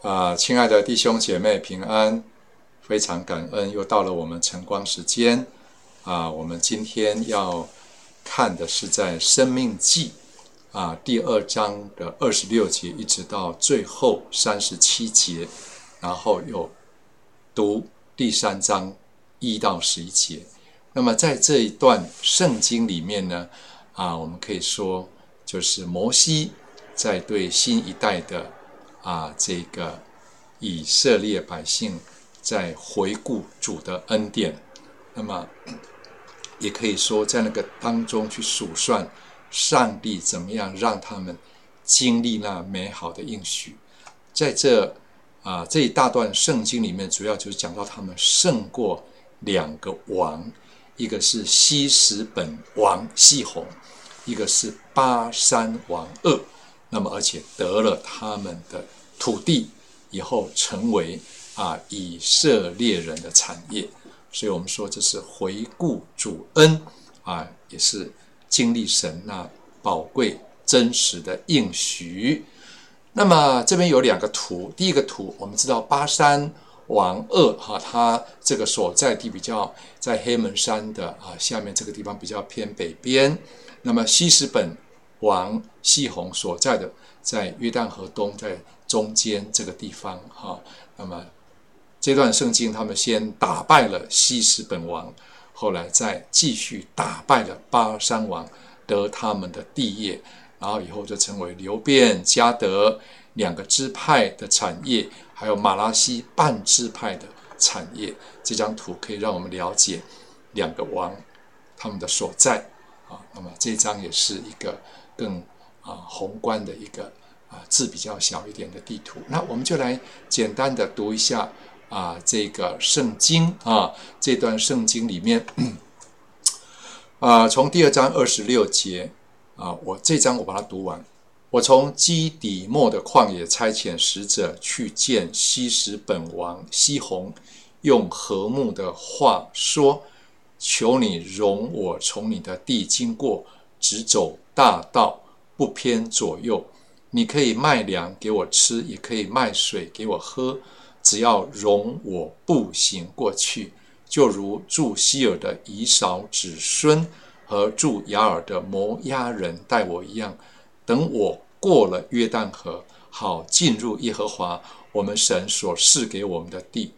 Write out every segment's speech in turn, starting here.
啊，親愛的弟兄姐妹，平安！非常感恩，又到了我們晨光時間。啊，我們今天要看的是在《申命記》啊第二章的二十六節，一直到最後三十七節，然後又讀第三章一到十一節。那麼在這一段聖經裡面呢，啊，我們可以說，就是摩西在對新一代的。啊，這個以色列百姓在回顧主的恩典，那麼也可以說在那個當中去數算上帝怎麼樣讓他們經歷那美好的應許。在這啊這一大段聖經裡面，主要就是講到他們勝過兩個王，一個是希實本王西宏，一個是巴珊王噩。那麼而且得了他們的土地以後，成為啊以色列人的產業，所以我們說這是回顧主恩啊，也是經歷神那寶貴真實的應許。那麼這邊有兩個圖，第一個圖我們知道巴珊王噩哈、啊，他這個所在地比較在黑門山的啊下面這個地方比較偏北邊，那麼希實本。王西宏所在的，在約旦河東，在中間這個地方哈、哦。那麼這段聖經，他們先打敗了希實本王，後來再繼續打敗了巴山王，得他們的地業，然後以後就成為流便迦得兩個支派的產業，還有馬拉西半支派的產業。這張圖可以讓我們了解兩個王他們的所在啊、哦。那麼這張也是一個。更啊、呃、宏觀的一個啊、呃、字比較小一點的地圖，那我們就來簡單的讀一下啊、呃、這個聖經啊，這段聖經裡面啊、嗯呃、從第二章二十六節啊、呃、我這章我把它讀完。我從基底末的曠野差遣使者去見希實本王西宏，用和睦的話說，求你容我從你的地經過，直走。大道不偏左右，你可以賣糧給我吃，也可以賣水給我喝，只要容我步行過去，就如住西珥的以掃子孫和住亞珥的摩押人待我一樣。等我過了約旦河，好進入耶和華我們神所賜給我們的地。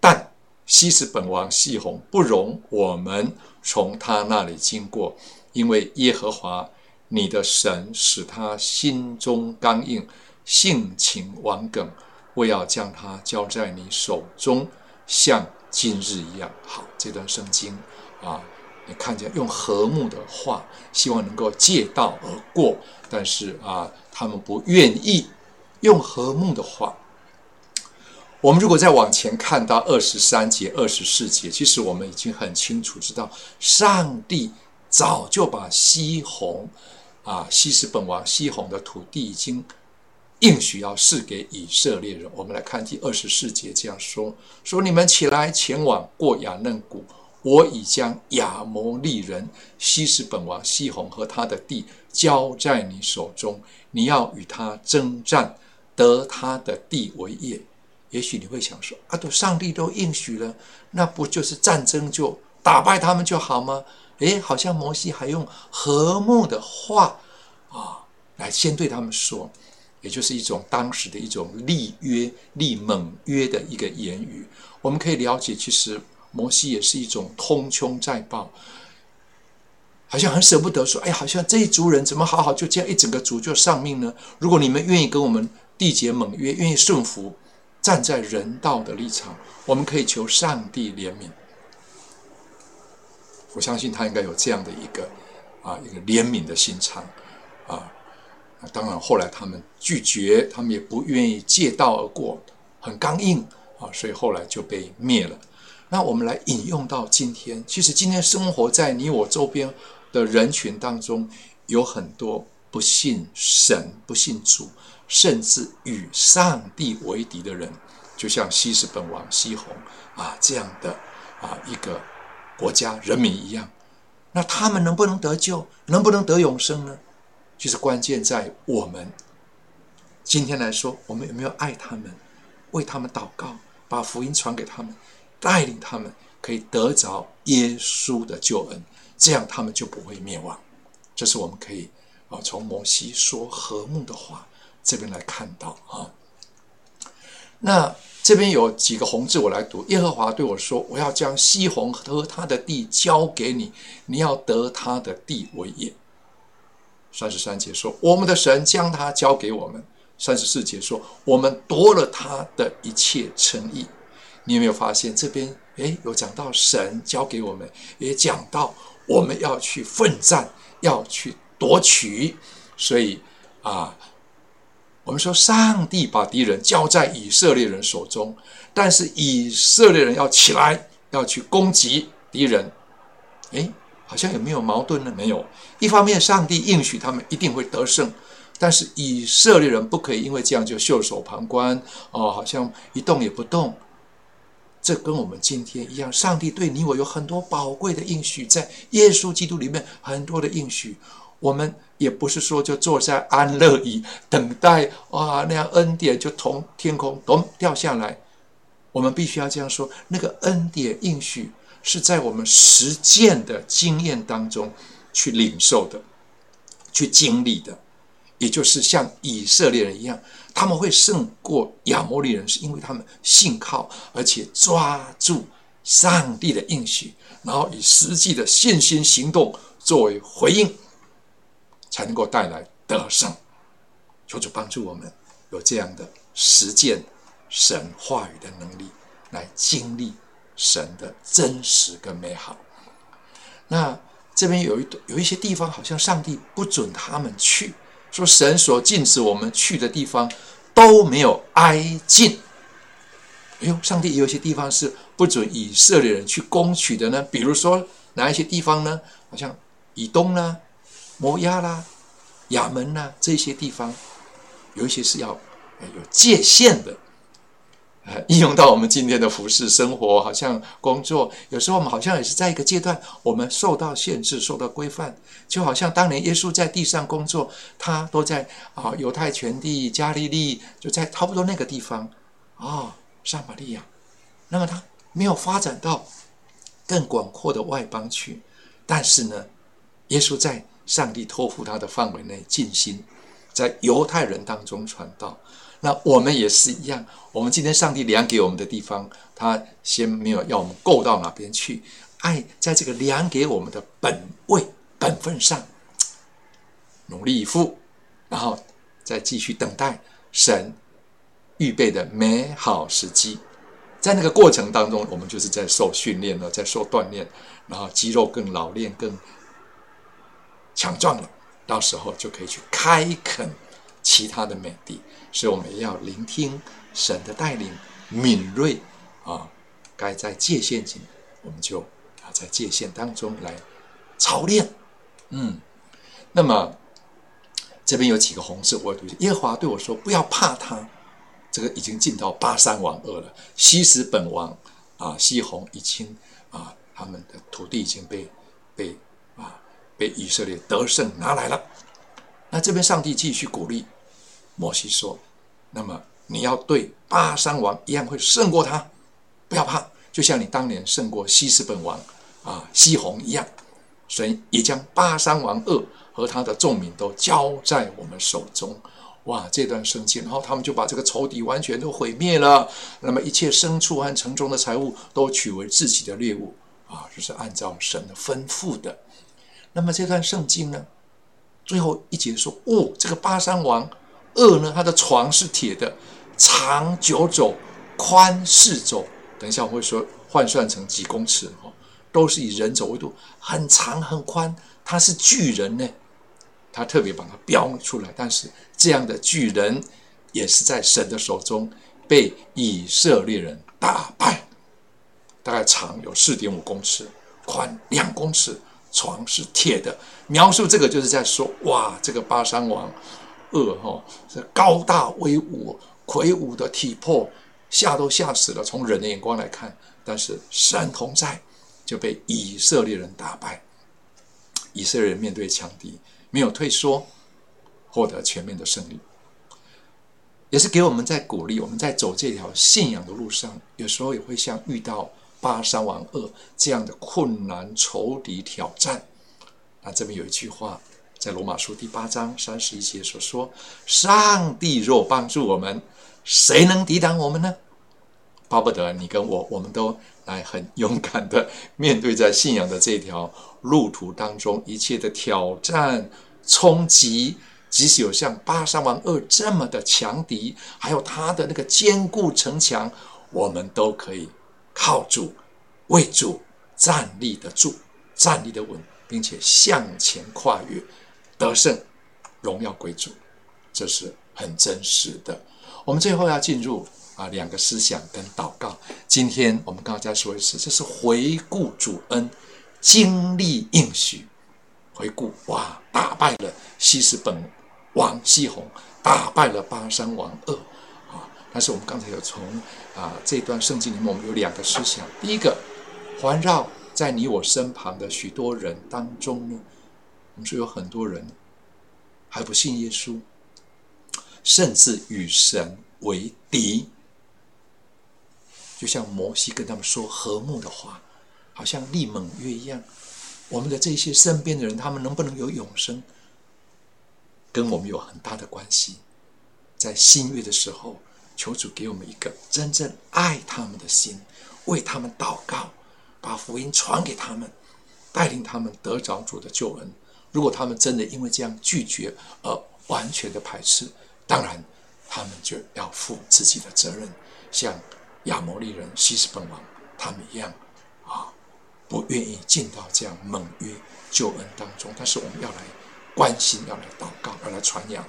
但希實本王西宏不容我們從他那裡經過，因為耶和華。你的神使他心中剛硬，性情頑梗，我要將他交在你手中，像今日一樣。好，這段聖經啊，你看見用和睦的話，希望能夠借道而過，但是啊，他們不願意用和睦的話。我們如果再往前看到二十三節、二十四節，其實我們已經很清楚知道，上帝早就把西宏。啊，希實本王西宏的土地已經應許要賜給以色列人。我們來看第二十四節這樣說：“說你們起來前往過亞嫩谷，我已將亞摩利人希實本王西宏和他的地交在你手中，你要與他征戰，得他的地為業。”也許你會想說：“阿、啊、多，上帝都應許了，那不就是戰爭就打敗他們就好嗎？”誒，好像摩西還用和睦的話啊、哦，來先對他們說，也就是一種當時的一種立約、立盟約的一個言語。我們可以了解，其實摩西也是一種通凶再報，好像很捨不得說，哎，好像這一族人怎麼好好就這樣一整個族就喪命呢？如果你們願意跟我們締結盟約，願意順服，站在人道的立場，我們可以求上帝憐憫。我相信他應該有這樣的一個啊，一個憐憫的心腸，啊，當然後來他們拒絕，他們也不願意借道而過，很剛硬啊，所以後來就被滅了。那我們來引用到今天，其實今天生活在你我周邊的人群當中，有很多不信神、不信主，甚至與上帝為敵的人，就像希實本王西宏啊這樣的啊一個。國家、人民一樣，那他們能不能得救，能不能得永生呢？就是關鍵在我們。今天來說，我們有沒有愛他們，為他們禱告，把福音傳給他們，帶領他們可以得着耶穌的救恩，這樣他們就不會滅亡。這是我們可以啊，從摩西說和睦的話這邊來看到啊。那。這邊有幾個紅字，我來讀。耶和華對我說：“我要將西宏和他的地交給你，你要得他的地為業。”三十三節說：“我們的神將他交給我們。”三十四節說：“我們奪了他的一切城邑。”你有沒有發現這邊？誒，有講到神交給我們，也講到我們要去奮戰，要去奪取。所以，啊。我們說，上帝把敵人交在以色列人手中，但是以色列人要起來，要去攻擊敵人。哎，好像也沒有矛盾呢。沒有，一方面，上帝應許他們一定會得勝，但是以色列人不可以因為這樣就袖手旁觀哦，好像一動也不動。這跟我們今天一樣，上帝對你我有很多寶貴的應許，在耶穌基督裡面很多的應許。我們也不是說就坐在安樂椅等待哇，那樣恩典就從天空咚掉下來。我們必須要這樣說：那個恩典應許是在我們實踐的經驗當中去領受的，去經歷的。也就是像以色列人一樣，他們會勝過亞摩利人，是因為他們信靠而且抓住上帝的應許，然後以實際的信心行動作為回應才能夠帶來得勝，求主幫助我們有這樣的實踐神話語的能力，來經歷神的真實跟美好。那這邊有一有一些地方，好像上帝不准他們去，說神所禁止我們去的地方都沒有挨近。哎呦，上帝也有些地方是不准以色列人去攻取的呢，比如說哪一些地方呢？好像以東呢？摩押啦、亞捫吶，這些地方，有一些是要有界限的。呃，應用到我們今天的服事生活，好像工作，有時候我們好像也是在一個階段，我們受到限制、受到規範，就好像當年耶穌在地上工作，他都在啊猶太全地、加利利，就在差不多那個地方啊，撒瑪利亞。那麼他沒有發展到更廣闊的外邦去，但是呢，耶穌在。上帝托付他的範圍內盡心，在猶太人當中傳道。那我們也是一樣，我們今天上帝量給我們的地方，他先沒有要我們夠到哪邊去，愛在這個量給我們的本位本分上努力以赴，然後再繼續等待神預備的美好時機。在那個過程當中，我們就是在受訓練了，在受鍛煉，然後肌肉更老練更。強壯了，到時候就可以去開墾其他的美地。所以我們要聆聽神的帶領敏，敏銳啊，該在界限前，我們就啊在界限當中來操練。嗯，那麼這邊有幾個紅色，我也讀一下耶和華對我說：“不要怕他。”這個已經進到八三王二巴珊王噩了，西施本王希實本王啊，呃，西紅西宏一青啊，他們的土地已經被被，被以色列得勝拿來了，那這邊上帝繼續鼓勵摩西說：“那麼你要對巴珊王一樣，會勝過他，不要怕，就像你當年勝過希實本王啊、西宏一樣，神也將巴珊王噩和他的眾民都交在我們手中。”哇，這段聖經，然後他們就把這個仇敵完全都毀滅了，那麼一切牲畜和城中的財物都取為自己的獵物啊，就是按照神的吩咐的。那麼這段聖經呢？最後一節說：“哦，這個巴珊王噩呢，他的床是鐵的，長九肘，寬四肘，等一下我會說換算成幾公尺哦，都是以人肘為度，很長很寬，他是巨人呢。他特別把它標出來。但是這樣的巨人也是在神的手中被以色列人打敗。大概長有四點五公尺，寬兩公尺。”床是鐵的，描述這個就是在說，哇，這個巴珊王惡哈，呃哦、高大威武、魁梧的體魄，嚇都嚇死了。從人的眼光來看，但是神同在，就被以色列人打敗。以色列人面對強敵，沒有退縮，獲得全面的勝利，也是給我們在鼓勵。我們在走這條信仰的路上，有時候也會像遇到。巴珊王噩這樣的困難、仇敵、挑戰，那這邊有一句話，在羅馬書第八章三十一節所說：“上帝若幫助我們，誰能抵擋我們呢？”巴不得你跟我，我們都來很勇敢的面對在信仰的這條路途當中一切的挑戰、衝擊，即使有像巴珊王噩這麼的強敵，還有他的那個堅固城牆，我們都可以。靠主，為主站立得住，站立得穩，並且向前跨越，得勝，榮耀歸主，這是很真實的。我們最後要進入啊，兩個思想跟禱告。今天我們剛才說一次，這是回顧主恩，經歷應許。回顧哇，打敗了希實本王西宏，打敗了巴珊王噩。但是我們剛才有從啊、呃、這一段聖經裡面，我們有兩個思想。第一個，環繞在你我身旁的許多人當中呢，我們說有很多人還不信耶穌，甚至與神為敵，就像摩西跟他們說和睦的話，好像立盟約一樣。我們的這些身邊的人，他們能不能有永生，跟我們有很大的關係。在新約的時候。求主給我們一個真正愛他們的心，為他們禱告，把福音傳給他們，帶領他們得着主的救恩。如果他們真的因為這樣拒絕而完全的排斥，當然他們就要負自己的責任，像亞摩利人希實本王他們一樣啊，不願意進到這樣蒙約救恩當中。但是我們要來關心，要來禱告，要來傳揚。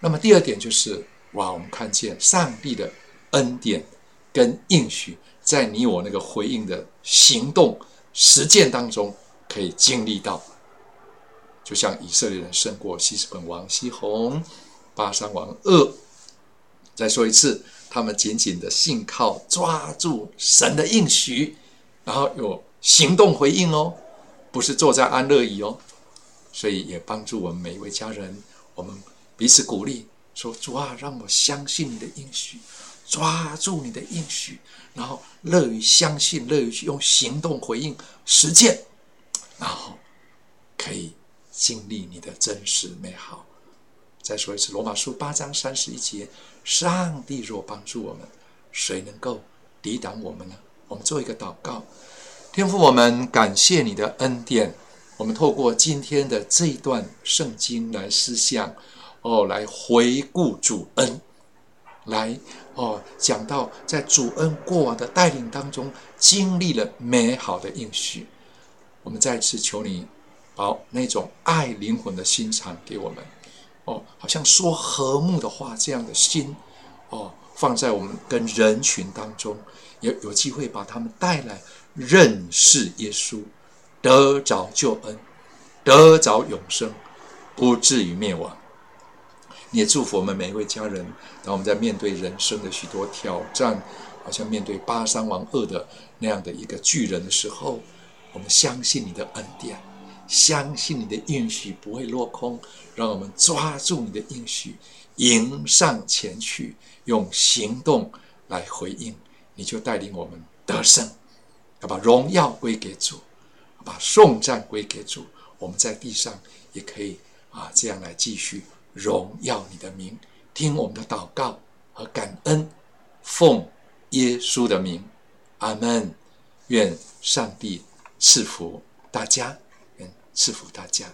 那麼第二點就是。哇！我們看見上帝的恩典跟應許，在你我那個回應的行動實踐當中，可以經歷到。就像以色列人勝過西斯本王西宏，巴珊王噩。再說一次，他們緊緊的信靠，抓住神的應許，然後有行動回應哦，不是坐在安樂椅哦。所以也幫助我們每一位家人，我們彼此鼓勵。說主啊，讓我相信你的應許，抓住你的應許，然後樂於相信，樂於去用行動回應實踐，然後可以經歷你的真實美好。再說一次，《羅馬書》八章三十一節：上帝若幫助我們，誰能夠抵擋我們呢？我們做一個禱告，天父，我們感謝你的恩典。我們透過今天的這一段聖經來思想，哦，來回顧主恩，來，哦，講到在主恩過往的帶領當中，經歷了美好的應許。我們再次求你，把那種愛靈魂的心腸給我們。哦，好像說和睦的話，這樣的心，哦，放在我們跟人群當中，有有機會把他們帶來認識耶穌，得着救恩，得着永生，不至於滅亡。你也祝福我們每一位家人。當我們在面對人生的許多挑戰，好像面對巴珊王噩的那樣的一個巨人的時候，我們相信你的恩典，相信你的應許不會落空。讓我們抓住你的應許，迎上前去，用行動來回應。你就帶領我們得勝，要把榮耀歸給主，把頌讚歸給主。我們在地上也可以啊，這樣來繼續。榮耀你的名，聽我們的禱告和感恩，奉耶穌的名，阿門。願上帝賜福大家，嗯，賜福大家。